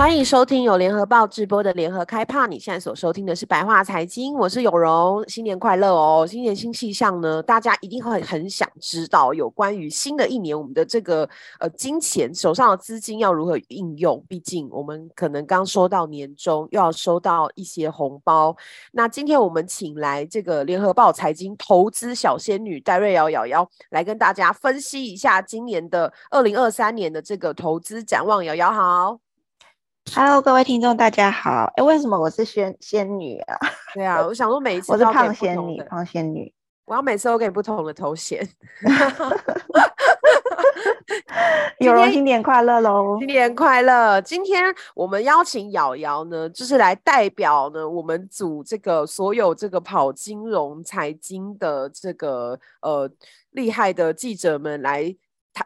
歡迎收聽由聯合報直播的聯合開趴，你現在所收聽的是白話財經，我是有容，新年快樂哦！新年新氣象呢，大家一定會很想知道有關於新的一年我們的這個呃金錢手上的資金要如何應用，畢竟我們可能剛收到年終又要收到一些紅包。那今天我們請來這個聯合報財經投資小仙女戴瑞瑤瑤瑤，瑤，瑤來跟大家分析一下今年的二零二三年的這個投資展望，瑤瑤，瑤好。Hello，各位聽眾，大家好。哎、欸，為什麼我是仙仙女啊？對啊，我想說每一次我，我是胖仙女，胖仙女，我要每次都給不同的頭銜。 有容新年快樂嘍！新年快樂！今天我們邀請瑤瑤呢，就是來代表呢我們組這個所有這個跑金融財經的這個呃厲害的記者們來。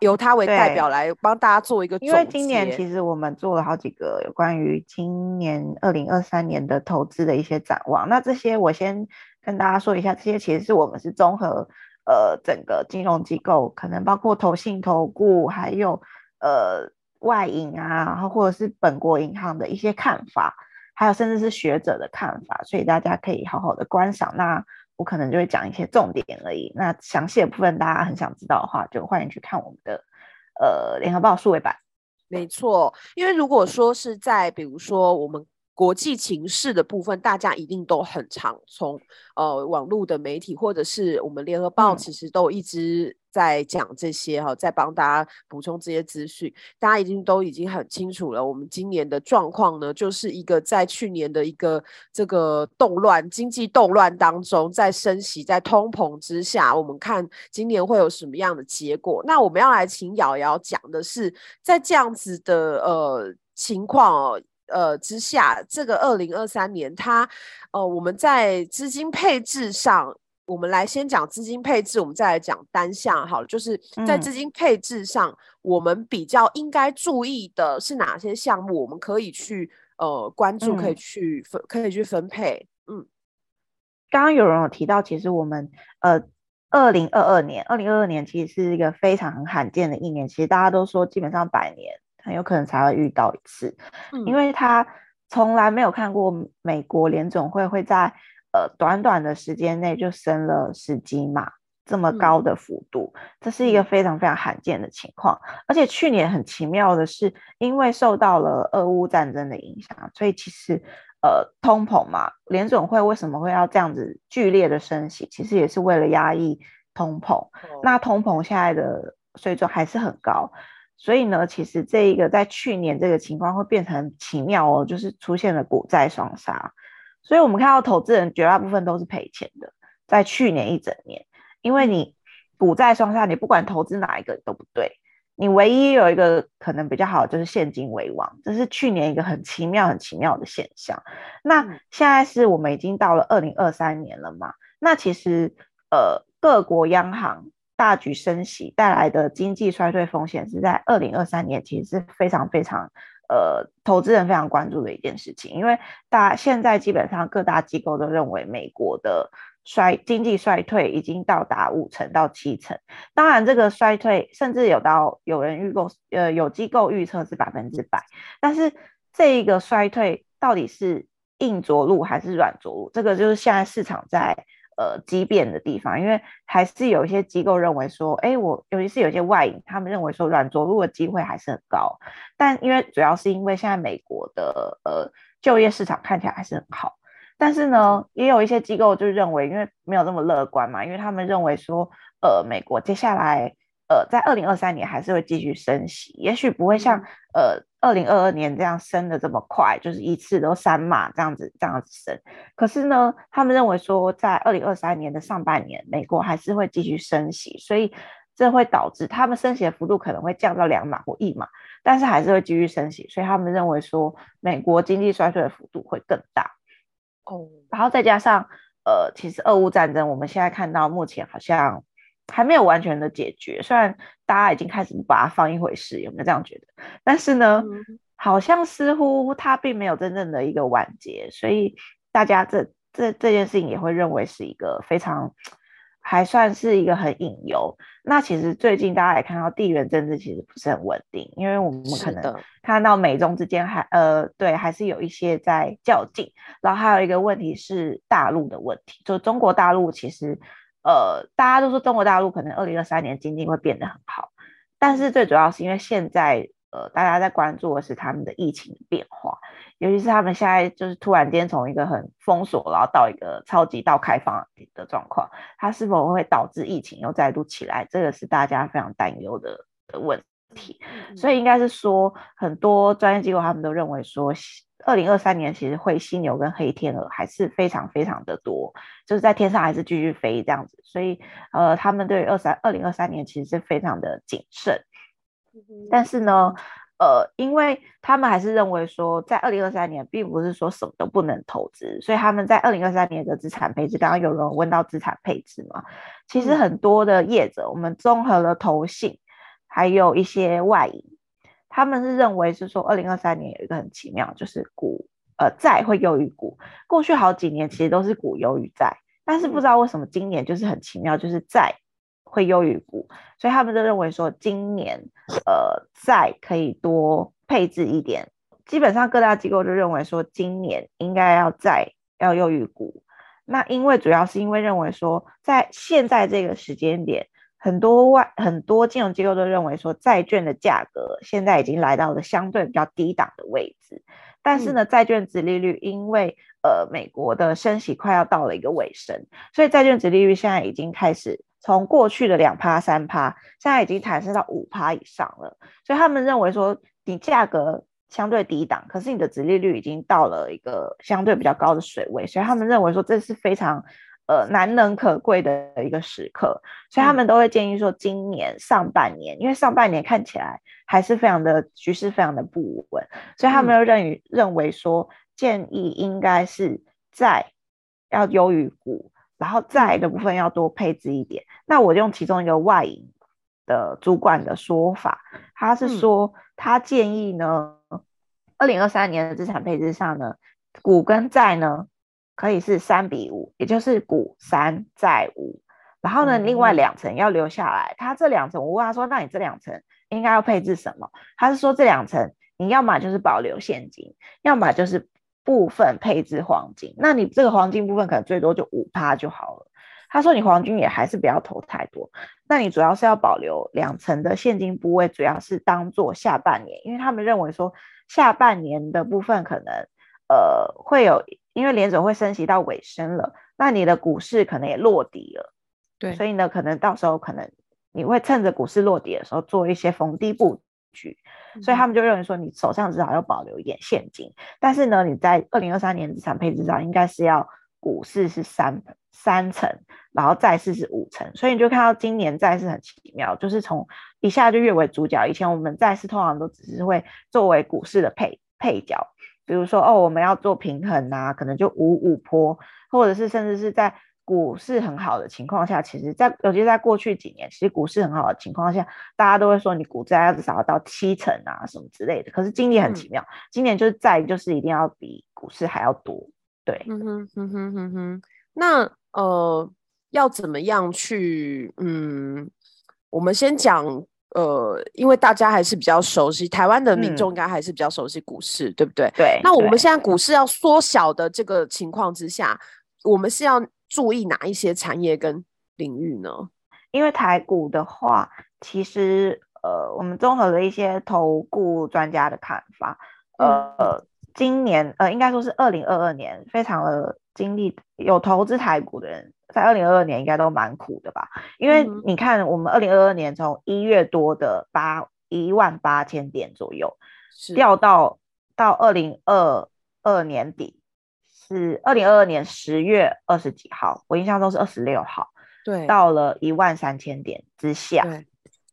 由他為代表來幫大家做一個總結。因為今年其實我們做了好幾個有關於今年二零二三年的投資的一些展望。那這些我先跟大家說一下，這些其實是我們是綜合呃整個金融機構，可能包括投信、投顧，還有呃外銀啊，然後或者是本國銀行的一些看法，還有甚至是學者的看法，所以大家可以好好的觀賞。那我可能就會講一些重點而已，那詳細的部分大家很想知道的話，就歡迎去看我們的呃聯合報數位版。沒錯，因為如果說是在比如說我們。國際情勢的部分，大家一定都很常從呃網絡的媒體或者是我們聯合報，其實都一直在講這些哈、嗯哦，在幫大家補充這些資訊。大家已經都已經很清楚了。我們今年的狀況呢，就是一個在去年的一個這個動亂、經濟動亂當中，在升息、在通膨之下，我們看今年會有什麼樣的結果？那我們要來請瑤瑤講的是，在這樣子的呃情況、哦。呃之下，這個二零二三年，它，呃，我們在資金配置上，我們來先講資金配置，我們再來講單項好了。就是在資金配置上、嗯，我們比較應該注意的是哪些項目，我們可以去呃關注，可以去分、嗯，可以去分配。嗯，剛剛有人有提到，其實我們呃二零二二年，二零二二年其實是一個非常罕見的一年，其實大家都說基本上百年。很有可能才會遇到一次，嗯、因為他從來沒有看過美國聯準會會在呃短短的時間內就升了十幾碼這麼高的幅度，嗯，這是一個非常非常罕見的情況，嗯。而且去年很奇妙的是，因為受到了俄烏戰爭的影響，所以其實呃通膨嘛，聯準會為什麼會要這樣子劇烈的升息？其實也是為了壓抑通膨哦。那通膨現在的水準還是很高。所以呢，其實這一個在去年這個情況會變成很奇妙哦，就是出現了股債雙殺，所以我們看到投資人絕大部分都是賠錢的，在去年一整年，因為你股債雙殺，你不管投資哪一個都不對，你唯一有一個可能比較好的就是現金為王，這是去年一個很奇妙、很奇妙的現象。那現在是我們已經到了二零二三年了嘛？那其實呃，各國央行。大舉升息帶來的經濟衰退風險是在二零二三年，其實是非常非常呃，投資人非常關注的一件事情。因為大現在基本上各大機構都認為美國的衰經濟衰退已經到達五成到七成，當然這個衰退甚至有到有人預測，呃，有機構預測是百分之百。但是這一個衰退到底是硬着陸還是軟着陸，這個就是現在市場在，呃，畸變的地方，因為還是有一些機構認為說，哎、欸，我尤其是有一些外銀，他們認為說軟着陸的機會還是很高。但因為主要是因為現在美國的呃就業市場看起來還是很好，但是呢，也有一些機構就認為，因為沒有那麼樂觀嘛，因為他們認為說，呃，美國接下來。呃，在二零二三年還是會繼續升息，也許不會像呃二零二二年這樣升得這麼快，就是一次都三碼這樣子這樣子升。可是呢，他們認為說在二零二三年的上半年，美國還是會繼續升息，所以這會導致他們升息的幅度可能會降到兩碼或一碼，但是還是會繼續升息。所以他們認為說美國經濟衰退的幅度會更大。哦、oh.，然後再加上呃，其實俄烏戰爭，我們現在看到目前好像。還沒有完全的解決，雖然大家已經開始把它放一回事，有沒有這樣覺得？但是呢，嗯，好像似乎它並沒有真正的一個完結，所以大家這這這件事情也會認為是一個非常還算是一個很隱憂。那其實最近大家也看到地緣政治其實不是很穩定，因為我們可能看到美中之間還呃對還是有一些在較勁，然後還有一個問題是大陸的問題，就中國大陸其實。呃，大家都說中國大陸可能二零二三年經濟會變得很好，但是最主要是因為現在呃，大家在關注的是他們的疫情的變化，尤其是他們現在就是突然間從一個很封鎖，然後到一個超級到開放的狀況，它是否會導致疫情又再度起來，這個是大家非常擔憂的的問題。所以應該是說，很多專業機構他們都認為說。二零二三年其實灰犀牛跟黑天鵝還是非常非常的多，就是在天上還是繼續飛這樣子，所以呃，他們對二三二零二三年其實是非常的謹慎。但是呢，呃，因為他們還是認為說，在二零二三年並不是說什麼都不能投資，所以他們在二零二三年的資產配置，剛剛有人問到資產配置嘛，其實很多的業者，我們綜合了投信，還有一些外他們是認為是說，二零二三年有一個很奇妙，就是股呃債會優於股。過去好幾年其實都是股優於債，但是不知道為什麼今年就是很奇妙，就是債會優於股。所以他們就認為說，今年呃債可以多配置一點。基本上各大機構就認為說，今年應該要債要優於股。那因為主要是因為認為說，在現在這個時間點，很多外很多金融機構都認為說，債券的價格現在已經來到了相對比較低檔的位置。但是呢，嗯、債券殖利率因為呃美國的升息快要到了一個尾聲，所以債券殖利率現在已經開始從過去的兩趴三趴，現在已經攀升到五趴以上了。所以他們認為說，你價格相對低檔，可是你的殖利率已經到了一個相對比較高的水位，所以他們認為說這是非常。呃，難能可貴的一個時刻，所以他們都會建議說，今年上半年，嗯，因為上半年看起來還是非常的局勢非常的不穩，所以他們又認為認為說，建議應該是債要優於股，然後債的部分要多配置一點。那我用其中一個外銀的主管的說法，他是說，他建議呢，二零二三年的資產配置上呢，股跟債呢，可以是三比五，也就是股三債五，然後呢、嗯，另外兩層要留下來。他這兩層，我問他說：“那你這兩層應該要配置什麼？”他是說：“這兩層你要麼就是保留現金，要麼就是部分配置黃金。那你這個黃金部分可能最多就五趴就好了。”他說：“你黃金也還是不要投太多。那你主要是要保留兩層的現金部位，主要是當做下半年，因為他們認為說下半年的部分可能呃會有。”因為聯準會升息到尾聲了，那你的股市可能也落底了，對，所以呢，可能到時候可能你會趁着股市落底的時候做一些逢低布局，嗯，所以他們就認為說你手上至少要保留一點現金，但是呢，你在二零二三年資產配置上應該是要股市是三三成，然後債市是五成，所以你就看到今年債市很奇妙，就是從一下就躍為主角，以前我們債市通常都只是會作為股市的配配角。比如說哦，我們要做平衡吶、啊，可能就五五波，或者是甚至是在股市很好的情況下，其實在，在尤其在過去幾年，其實股市很好的情況下，大家都會說你股債要至少要到七成啊，什麼之類的。可是今年很奇妙，嗯，今年就是在就是一定要比股市還要多，對。嗯哼嗯哼嗯哼。那呃，要怎麼樣去嗯，我們先講。呃，因為大家還是比較熟悉台灣的民眾，應該還是比較熟悉股市、嗯，對不對？對。那我們現在股市要縮小的這個情況之下，我們是要注意哪一些產業跟領域呢？因為台股的話，其實呃，我們綜合了一些投顧專家的看法，呃，今年呃，應該說是二零二二年，非常的經歷有投資台股的人。在二零二二年應該都蠻苦的吧，因為你看，我們二零二二年從一月多的八一萬八千點左右，是，掉到到二零二二年底是二零二二年十月二十幾號，我印象中是二十六號，對，到了一萬三千點之下。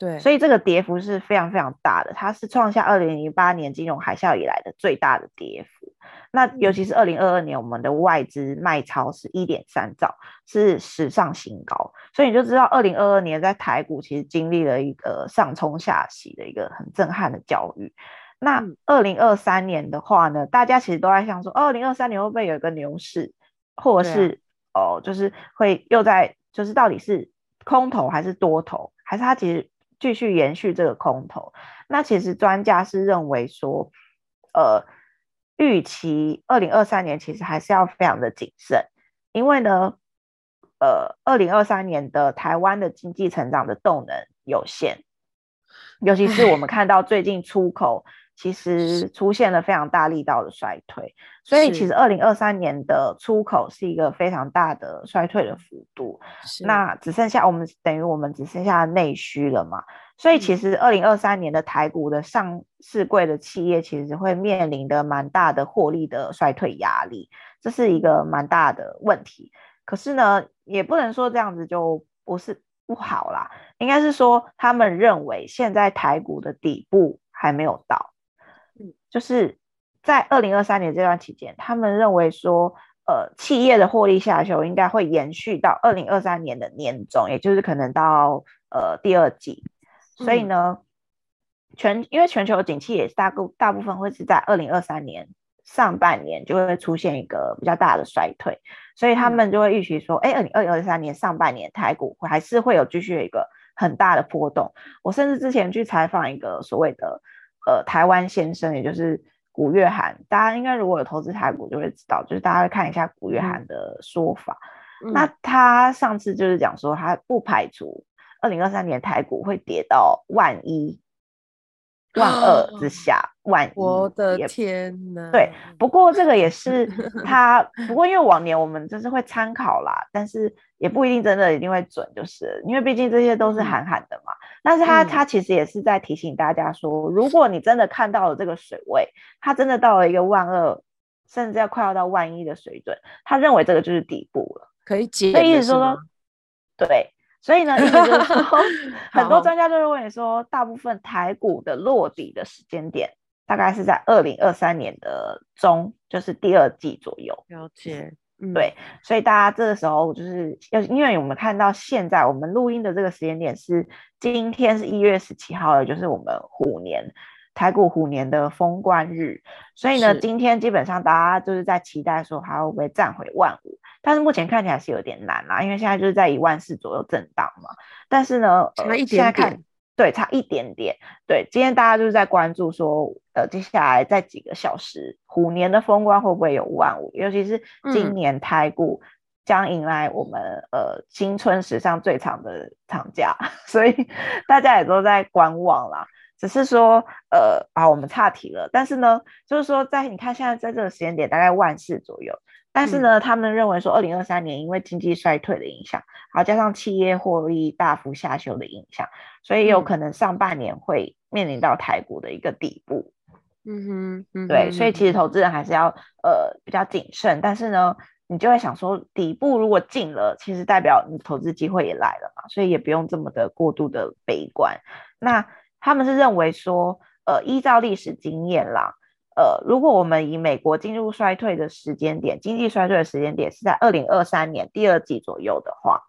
對，所以這個跌幅是非常非常大的，它是創下二零零八年金融海嘯以來的最大的跌幅。那尤其是二零二二年，我們的外資賣超是一點三兆，是史上新高。所以你就知道，二零二二年在台股其實經歷了一個上衝下洗的一個很震撼的教育。那二零二三年的話呢，大家其實都在想說，二零二三年會不會有一個牛市，或者是、啊、哦，就是會又在，就是到底是空頭還是多頭，還是它其實。繼續延續這個空頭，那其實專家是認為說，呃，預期二零二三年其實還是要非常的謹慎，因為呢，呃，二零二三年的台灣的經濟成長的動能有限，尤其是我們看到最近出口。 其實出現了非常大力道的衰退，所以其實二零二三年的出口是一個非常大的衰退的幅度。那只剩下，我們等於我們只剩下內需了嘛。所以其實二零二三年的台股的上市櫃的企業其實會面臨的蠻大的獲利的衰退壓力，這是一個蠻大的問題。可是呢，也不能說這樣子就不是不好啦，應該是說他們認為現在台股的底部還沒有到。就是在二零二三年這段期間，他們認為說，呃，企業的獲利下修應該會延續到二零二三年的年中，也就是可能到呃第二季。所以呢，嗯、全因為全球的景氣也是大部大部分會是在二零二三年上半年就會出現一個比較大的衰退，所以他們就會預期說，哎、嗯，二零二零二三年上半年台股還是會有繼續有一個很大的波動。我甚至之前去採訪一個所謂的。呃，台灣先生，也就是谷月涵，大家應該如果有投資台股就會知道，就是大家會看一下谷月涵的說法、嗯。那他上次就是講說，他不排除二零二三年台股會跌到萬一。萬二之下，萬一，我的天哪！對，不過這個也是他，不過因為往年我們就是會參考啦，但是也不一定真的一定會準，就是因為畢竟這些都是喊喊的嘛。但是他他其實也是在提醒大家說，嗯，如果你真的看到了這個水位，它真的到了一個萬二，甚至要快要到萬一的水準，他認為這個就是底部了，可以解，所以意思說，對。 所以呢， 很多很多專家都會問你說，大部分台股的落底的時間點，大概是在二零二三年的中，就是第二季左右。了解，嗯、對。所以大家這個時候就是要，因為我們看到現在我們錄音的這個時間點是今天是一月十七號，也就是我們虎年台股虎年的封關日。所以呢，今天基本上大家就是在期待說，還會不會站回萬五？但是目前看起來是有點難啦，啊，因為現在就是在一萬四左右震盪嘛。但是呢，點點呃、現在看對差一點點。對，今天大家就是在關注說，呃，接下來在幾個小時，虎年的風光會不會有萬五？尤其是今年台股將迎來我們、嗯、呃新春史上最長的長假，所以大家也都在觀望啦。只是說，呃啊，我們岔題了。但是呢，就是說在，在你看現在在這個時間點，大概萬四左右。但是呢，他們認為說，二零二三年因為經濟衰退的影響，嗯、然後加上企業獲利大幅下修的影響，所以有可能上半年會面臨到台股的一個底部，嗯。嗯哼，對，所以其實投資人還是要呃比較謹慎。但是呢，你就會想說，底部如果進了，其實代表你投資機會也來了嘛，所以也不用這麼的過度的悲觀。那他們是認為說，呃，依照歷史經驗啦。呃，如果我們以美國進入衰退的時間點，經濟衰退的時間點是在二零二三年第二季左右的話，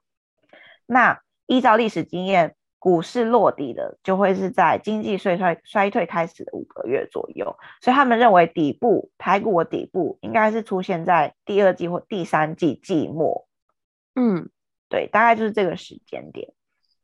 那依照歷史經驗，股市落底了就會是在經濟衰退衰退開始的五個月左右，所以他們認為底部，台股的底部應該是出現在第二季或第三季季末。嗯，對，大概就是這個時間點。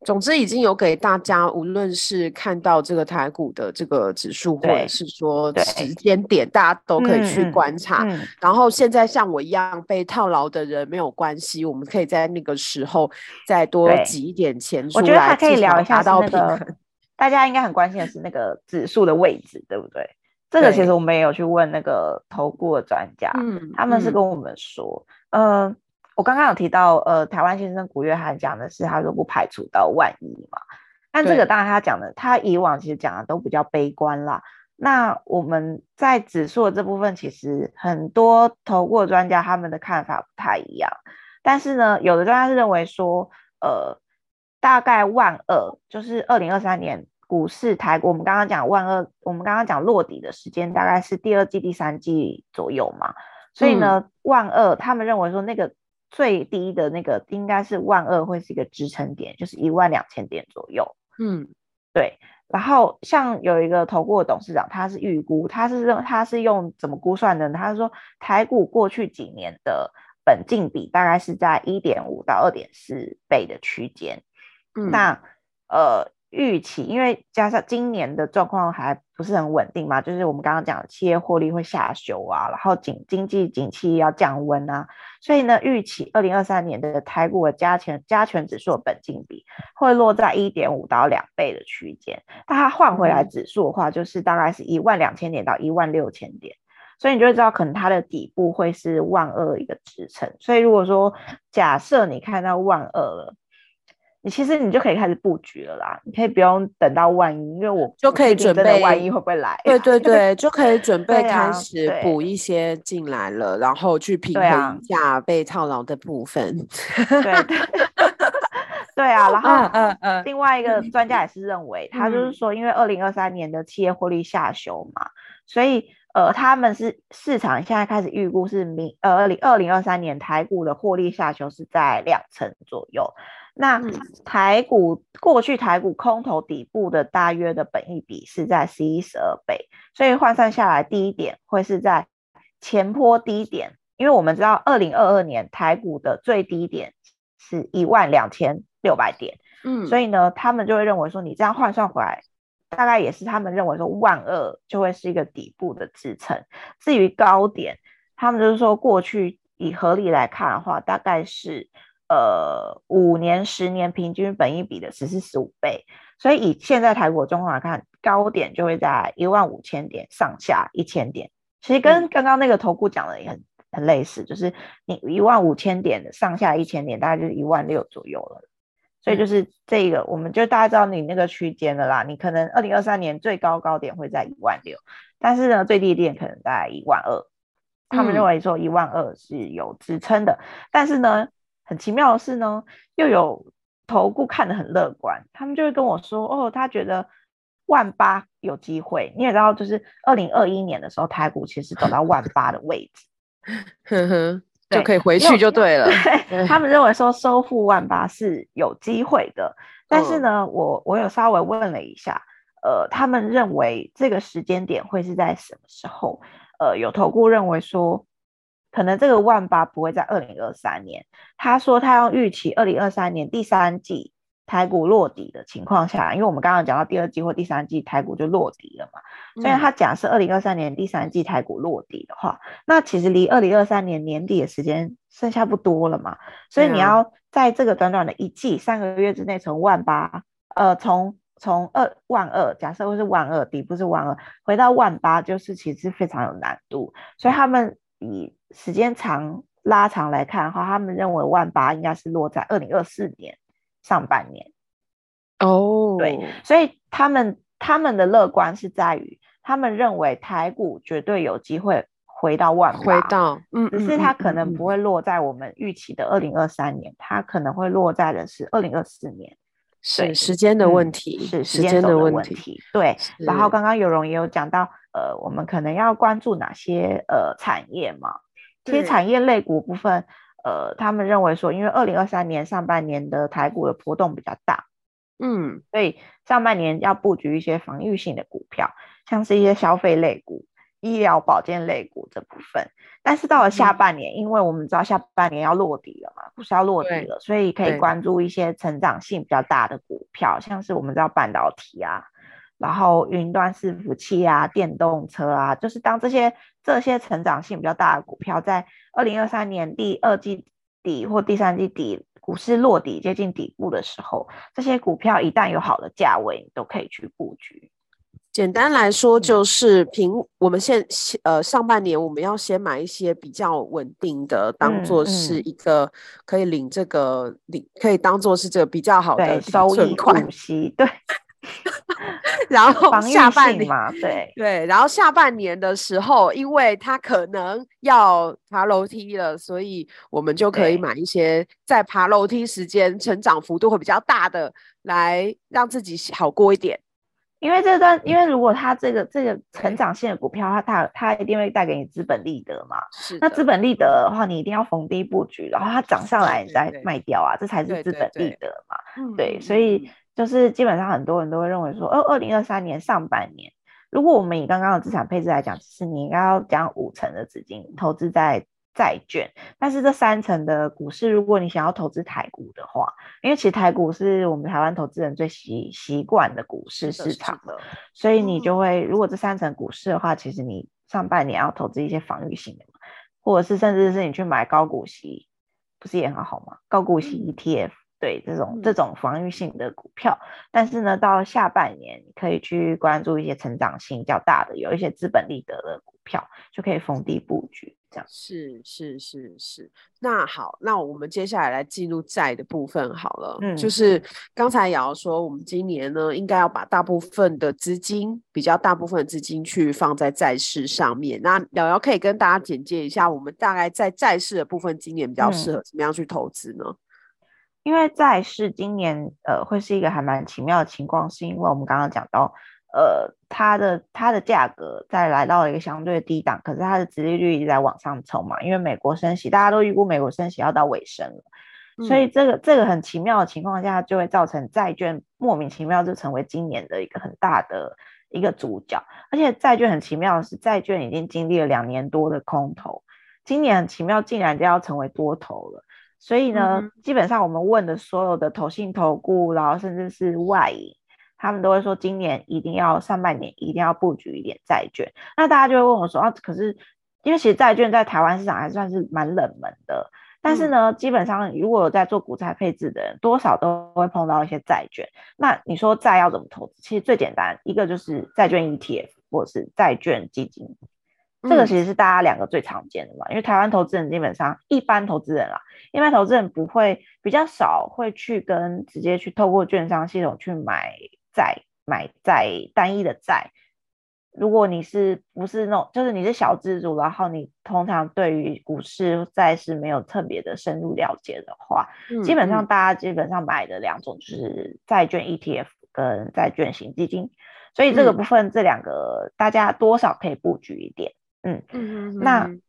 總之已經有給大家，無論是看到這個台股的這個指數，或者是說時間點，大家都可以去觀察。然後現在像我一樣被套牢的人沒有關係，我們可以在那個時候再多擠一點錢出來，我覺得還可以聊一下、那個，大家應該很關心的是那個指數的位置，對不對，對？這個其實我們也有去問那個投顧專家、嗯，他們是跟我們說，嗯。呃我剛剛有提到，呃，臺灣先生谷月涵講的是，他說不排除到萬一嘛。但這個當然他講的，他以往其實講的都比較悲觀啦。那我們在指數的這部分，其實很多投顧專家他們的看法不太一樣。但是呢，有的專家是認為說，呃，大概萬二就是二零二三年股市台股，我們剛剛講萬二，我們剛剛講落底的時間大概是第二季、第三季左右嘛。所以呢，嗯、萬二他們認為說那個。最低的那個應該是萬二會是一個支撐點，就是一萬兩千點左右。嗯，對。然後像有一個投顧的董事長，他是預估，他是用他是用怎麼估算的呢？他是說台股過去幾年的本淨比大概是在一點五到二點四倍的區間。嗯。那呃。預期，因為加上今年的狀況還不是很穩定嘛，就是我們剛剛講的企業獲利會下修啊，然後景經，經濟景氣要降溫啊，所以呢，預期二零二三年的台股加權加權指數本淨比會落在一點五到兩倍的區間。那它換回來指數的話，就是大概是一萬兩千點到一萬六千點，所以你就會知道，可能它的底部會是萬二一個支撐。所以如果說假設你看到萬二了。其實你就可以開始布局了啦，你可以不用等到萬一，因為我就可以準備萬一會不會來、啊。對對對，就可以準備開始補一些進來了、 啊啊啊，然後去平衡一下被套牢的部分。對、啊， 對,對,對, 對啊。然後，另外一個專家也是認為，他就是說，因為二零二三年的企業獲利下修嘛，嗯、所以呃，他們是市場現在開始預估是明呃二零二三年台股的獲利下修是在兩成左右。那台股過去台股空頭底部的大約的本益比是在十一十二倍，所以換算下來，低點會是在前波低點，因為我們知道二零二二年台股的最低點是一萬兩千六百點，嗯，所以呢，他們就會認為說，你這樣換算回來，大概也是他們認為說萬二就會是一個底部的支撐。至於高點，他們就是說過去以合理來看的話，大概是。呃，五年、十年平均本益比的十四十五倍，所以以現在台股狀況來看，高點就會在一萬五千點上下一千點。其實跟剛剛那個投顧講的也很很類似，就是你一萬五千點的上下一千點，大概就是一萬六左右了。所以就是這個，嗯、我們就大概知道你那個區間了啦。你可能二零二三年最高高點會在一萬六，但是呢，最低點可能在一萬二。他們認為說一萬二是有支撐的，嗯、但是呢。很奇妙的是呢，又有投顧看得很樂觀，他們就會跟我說：“哦，他覺得萬八有機會。”你也知道，就是二零二一年的時候，台股其實走到萬八的位置， 呵呵，就可以回去就對了。對對，他們認為說收復萬八是有機會的，但是呢，我我有稍微問了一下、嗯，呃，他們認為這個時間點會是在什麼時候？呃，有投顧認為說。可能這個萬八不會在二零二三年。他說他要預期二零二三年第三季台股落底的情況下，因為我們剛剛講到第二季或第三季台股就落底了嘛。所以他假設二零二三年第三季台股落底的話，嗯、那其實離二零二三年年底的時間剩下不多了嘛。所以你要在這個短短的一季、嗯、三個月之內，從萬八呃，從從二萬二假設會是萬二底部是萬二回到萬八，就是其實是非常有難度。所以他們以。嗯時間長拉長來看哈，他們認為萬八應該是落在二零二四年上半年。哦、oh.，對，所以他們他們的樂觀是在於，他們認為台股絕對有機會回到萬八，嗯，只是它可能不會落在我們預期的二零二三年、嗯，它可能會落在的是二零二四年，是時間的問題，嗯、是時間的問題、時間的問題，對。然後剛剛有容也有講到，呃，我們可能要關注哪些呃產業嘛？其實產業類股部分，呃，他們認為說，因為二零二三年上半年的台股的波動比較大，嗯，所以上半年要布局一些防禦性的股票，像是一些消費類股、醫療保健類股這部分。但是到了下半年，嗯、因為我們知道下半年要落底了嘛，不需要落底了，所以可以關注一些成長性比較大的股票，像是我們知道半導體啊，然後雲端伺服器啊、電動車啊，就是當這些。這些成長性比較大的股票，在二零二三年第二季底或第三季底，股市落底接近底部的時候，這些股票一旦有好的價位，都可以去布局。簡單來說，就是憑、嗯、我們現呃上半年我們要先買一些比較穩定的，當做是一個可以領這個領、嗯，可以當做是這個比較好的存款收益息，對。 然後下半年，對對，然後下半年的時候，因為他可能要爬樓梯了，所以我們就可以買一些在爬樓梯時間成長幅度會比較大的，來讓自己好過一點。因為這段，因為如果他這個這個成長性的股票，他他它，它一定會帶給你資本利得嘛。是，那資本利得的話，嗯、你一定要逢低布局，然後它漲上來你再賣掉啊，對對對，這才是資本利得嘛。對，對，對，對、嗯，所以。就是基本上很多人都會認為說，哦，二零二三年上半年，如果我們以剛剛的資產配置來講，就是你應該要將五成的資金投資在債券，但是這三成的股市，如果你想要投資台股的話，因為其實台股是我們台灣投資人最習習慣的股市市場了，所以你就會如果這三成股市的話，其實你上半年要投資一些防禦性的，或者是甚至是你去買高股息，不是也很好嗎？高股息 ETF。對，這種這種防御性的股票，但是呢，到下半年可以去關注一些成長性較大的，有一些資本利得的股票，就可以逢低布局。這樣是是是是。那好，那我們接下來來進入債的部分好了。嗯，就是剛才瑤瑤說，我們今年呢，應該要把大部分的資金，比較大部分的資金去放在債市上面。那瑤瑤可以跟大家簡介一下，我們大概在債市的部分，今年比較適合怎麼樣去投資呢？嗯因為債市今年呃會是一個還蠻奇妙的情況，是因為我們剛剛講到，呃，它的它的價格在來到了一個相對的低檔，可是它的殖利率一直在往上衝嘛，因為美國升息，大家都預估美國升息要到尾聲了，所以這個這個很奇妙的情況下，就會造成債券莫名其妙就成為今年的一個很大的一個主角，而且債券很奇妙的是，債券已經經歷了兩年多的空頭，今年很奇妙竟然就要成為多頭了。所以呢、嗯，基本上我們問的所有的投信、投顧，然後甚至是外銀，他們都會說今年一定要上半年一定要布局一點債券。那大家就會問我說：“啊，可是因為其實債券在台灣市場還算是蠻冷門的，但是呢，嗯、基本上如果有在做股債配置的人，多少都會碰到一些債券。那你說債要怎麼投資？其實最簡單一個就是債券 ETF 或者是債券基金。”這個其實是大家兩個最常見的嘛，嗯、因為台灣投資人基本上一般投資人啦，一般投資人不會，比較少會去跟直接去透過券商系統去買債買債，單一的債。如果你是不是那種就是你是小資族，然後你通常對於股市債市沒有特別的深入了解的話，嗯嗯，基本上大家基本上買的兩種就是債券 ETF 跟債券型基金，所以這個部分、嗯、這兩個大家多少可以布局一點。嗯嗯嗯，那嗯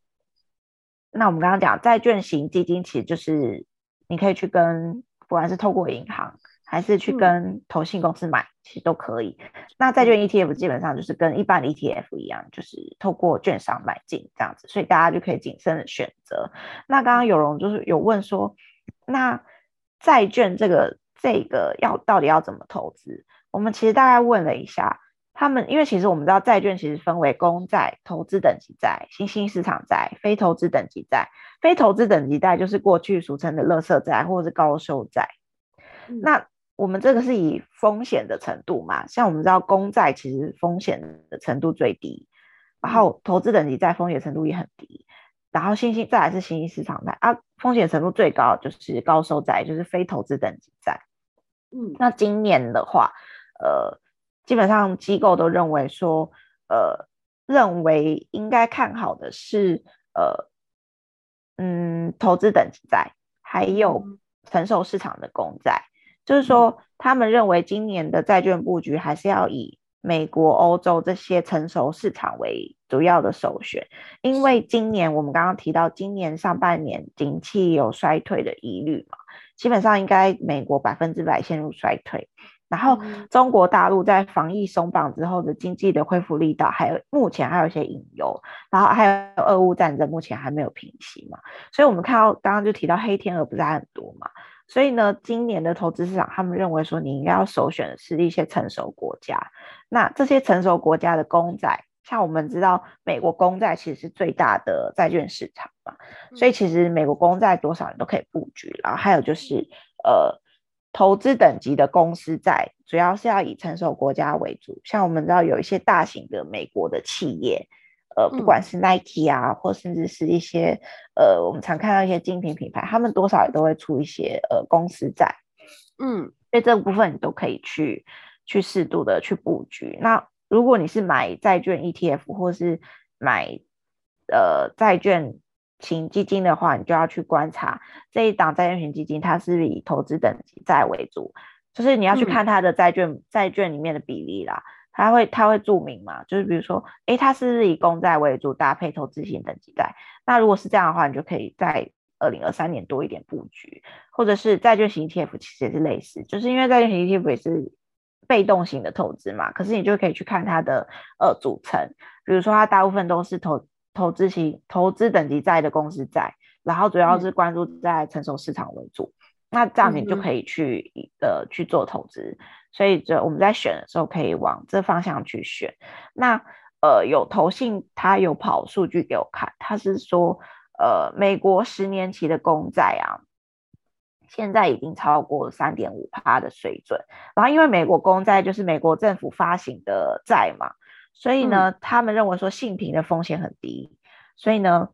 那我們剛剛講債券型基金，其實就是你可以去跟，不管是透過銀行還是去跟投信公司買，其實都可以。那債券 ETF 基本上就是跟一般的 ETF 一樣，就是透過券商買進這樣子，所以大家就可以謹慎的選擇。那剛剛有容就是有問說，那債券這個這個要到底要怎麼投資？我們其實大概問了一下。他們因為其實我們知道，債券其實分為公債、投資等級債、新興市場債、非投資等級債。非投資等級債就是過去俗稱的垃圾債或者是高收債。那我們這個是以風險的程度嘛，像我們知道公債其實風險的程度最低，然後投資等級債風險程度也很低，然後新興再來是新興市場債啊，風險程度最高就是高收債，就是非投資等級債。嗯，那今年的話，呃。基本上機構都認為說，呃，認為應該看好的是，呃，嗯，投資等級債，還有成熟市場的公債。就是說，他們認為今年的債券佈局還是要以美國、歐洲這些成熟市場為主要的首選，因為今年我們剛剛提到，今年上半年景氣有衰退的疑慮嘛，基本上應該美國百分之百陷入衰退。然後，中國大陸在防疫鬆綁之後的經濟的恢復力道，還有目前還有一些隱憂。然後還有俄烏戰爭，目前還沒有平息嘛，所以我們看到剛剛就提到黑天鵝不是還很多嘛？所以呢，今年的投資市場，他們認為說你應該要首選的是一些成熟國家。那這些成熟國家的公債，像我們知道美國公債其實是最大的債券市場嘛，所以其實美國公債多少你都可以布局。然後還有就是呃。投資等級的公司債，主要是要以成熟國家為主。像我們知道有一些大型的美國的企業，呃，嗯、不管是 Nike 啊，或甚至是一些呃，我們常看到一些精品品牌，他們多少也都會出一些呃公司債。嗯，所以這部分你都可以去去適度的去布局。那如果你是買債券 ETF，或是買呃債券。型基金的話，你就要去觀察這一檔債券型基金，它是以投資等級債為主，就是你要去看它的債券，嗯、債券裡面的比例啦。它會它會注明嘛，就是比如說，誒、欸，它是不是以公債為主，搭配投資型等級債。那如果是這樣的話，你就可以在二零二三年多一點布局，或者是債券型 ETF，其實也是類似，就是因為債券型 ETF 也是被動型的投資嘛。可是你就可以去看它的呃組成，比如說它大部分都是投。投資型投資等級債的公司債，然後主要是關注在成熟市場為主，嗯、那這樣你就可以去嗯嗯呃去做投資，所以這我們在選的時候可以往這方向去選。那呃有投信它有跑數據給我看，它是說呃美國十年期的公債啊，現在已經超過三點五趴的水準，然後因為美國公債就是美國政府發行的債嘛。所以呢、嗯，他們認為說性平的風險很低，所以呢，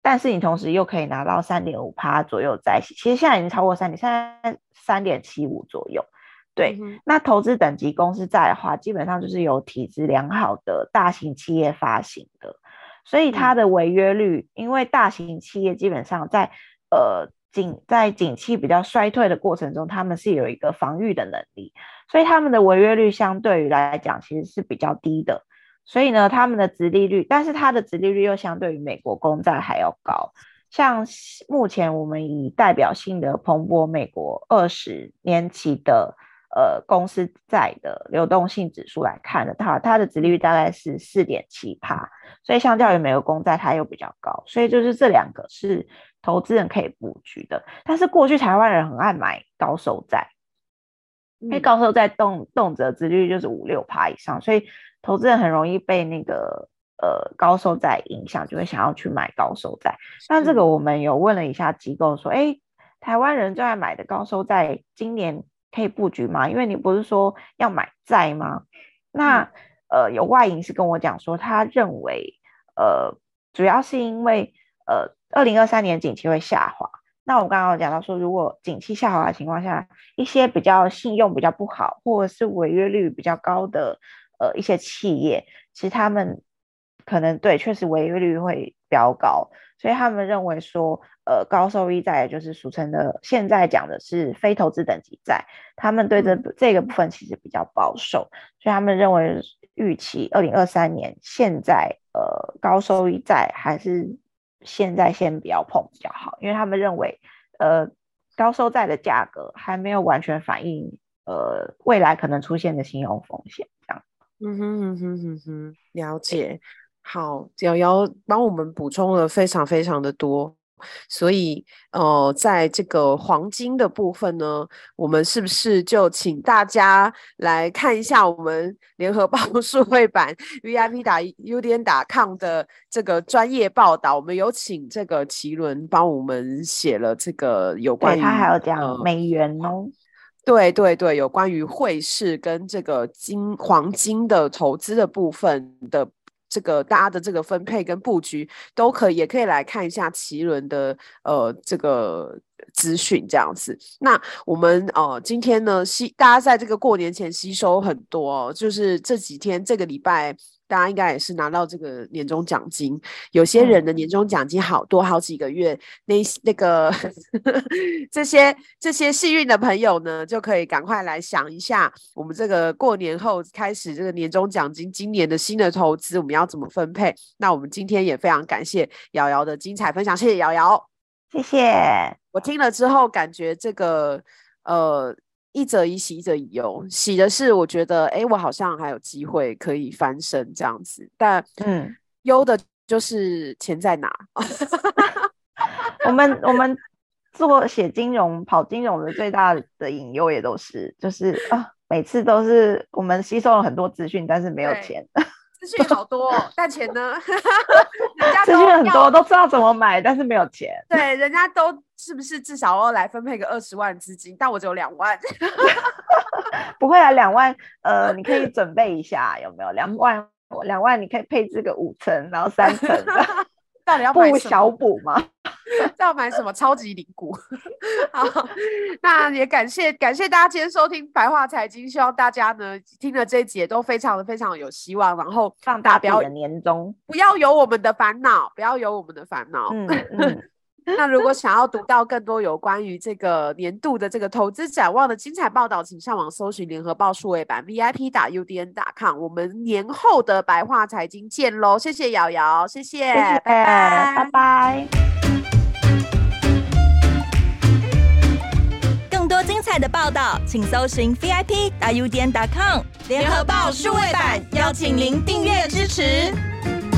但是你同時又可以拿到三點五趴左右債息，其實現在已經超過三，現在三點七五左右。對，嗯、那投資等級公司債的話，基本上就是由體質良好的大型企業發行的，所以它的違約率、嗯，因為大型企業基本上在呃景在景氣比較衰退的過程中，他們是有一個防禦的能力，所以他們的違約率相對於來講其實是比較低的。所以呢，他們的殖利率，但是它的殖利率又相對於美國公債還要高。像目前我們以代表性的彭博美國二十年期的呃公司債的流動性指數來看的，它它的殖利率大概是四點七趴，所以相較於美國公債，它又比較高。所以就是這兩個是投資人可以布局的。但是過去台灣人很愛買高收債，因為高收債動動輒殖利率就是五六趴以上，所以。投資人很容易被那個呃高收債影響，就會想要去買高收債。但這個我們有問了一下機構，說：“哎、欸，台灣人最愛買的高收債，今年可以布局嗎？”因為你不是說要買債嗎？那、嗯、呃，有外銀是跟我講說，他認為呃，主要是因為呃，二零二三年景氣會下滑。那我剛剛講到說，如果景氣下滑的情況下，一些比較信用比較不好，或者是違約率比較高的。呃，一些企業其實他們可能對確實違約率會比較高，所以他們認為說，呃，高收益債也就是俗稱的，現在講的是非投資等級債。他們對這這個部分其實比較保守，所以他們認為預期二零二三年現在呃高收益債還是現在先不要碰比較好，因為他們認為呃高收益債的價格還沒有完全反映呃未來可能出現的信用風險這樣。嗯哼嗯哼嗯哼，了解。欸、好，瑤瑤幫我們補充了非常非常的多，所以呃，在這個黃金的部分呢，我們是不是就請大家來看一下我們聯合報數位版 VIP 打 UDN 打 COM 的這個專業報道？我們有請這個奇倫幫我們寫了這個有關於，他還有這樣、哦呃，美元哦。對對對，有關於匯市跟這個金黃金的投資的部分的這個大家的這個分配跟布局都可以，也可以來看一下奇倫的呃這個資訊這樣子。那我們呃今天呢吸大家在這個過年前吸收很多，就是這幾天這個禮拜。大家應該也是拿到這個年終獎金，有些人的年終獎金好多好幾個月，那那個呵呵這些這些幸運的朋友呢，就可以趕快來想一下，我們這個過年後開始這個年終獎金，今年的新的投資我們要怎麼分配？那我們今天也非常感謝瑤瑤的精彩分享，謝謝瑤瑤，謝謝。我聽了之後感覺這個呃。一者以喜，一者以憂。喜的是，我覺得、欸，我好像還有機會可以翻身這樣子。但，嗯，憂的就是錢在哪。。 我們我們做寫金融、跑金融的最大的隱憂也都是，就是啊、呃，每次都是我們吸收了很多資訊，但是沒有錢。資訊好多哦， 但錢呢？哈 哈，資訊很多，都知道怎麼買，但是沒有錢。對，人家都是不是至少要來分配個二十萬資金，但我只有兩萬。 不會啊，兩萬呃，你可以準備一下有沒有兩萬？兩萬你可以配置個五層，然後三層這樣。 到底要買小股嗎？ 要買什麼超級領股？ 好，那也感謝感謝大家今天收聽白話財經，希望大家呢聽了這一集都非常的非常有希望，然後放大標年中，不要有我們的煩惱，不要有我們的煩惱，嗯嗯。 那如果想要讀到更多有關於這個年度的這個投資展望的精彩報道，請上網搜尋聯合報數位版 VIP 打 UDN 打 com。我們年後的白話財經見嘍，謝謝瑤瑤，謝謝，謝謝，拜拜，拜拜，更多精彩的報道，請搜尋 VIP 打 UDN 打 com。聯合報數位版邀請您訂閱支持。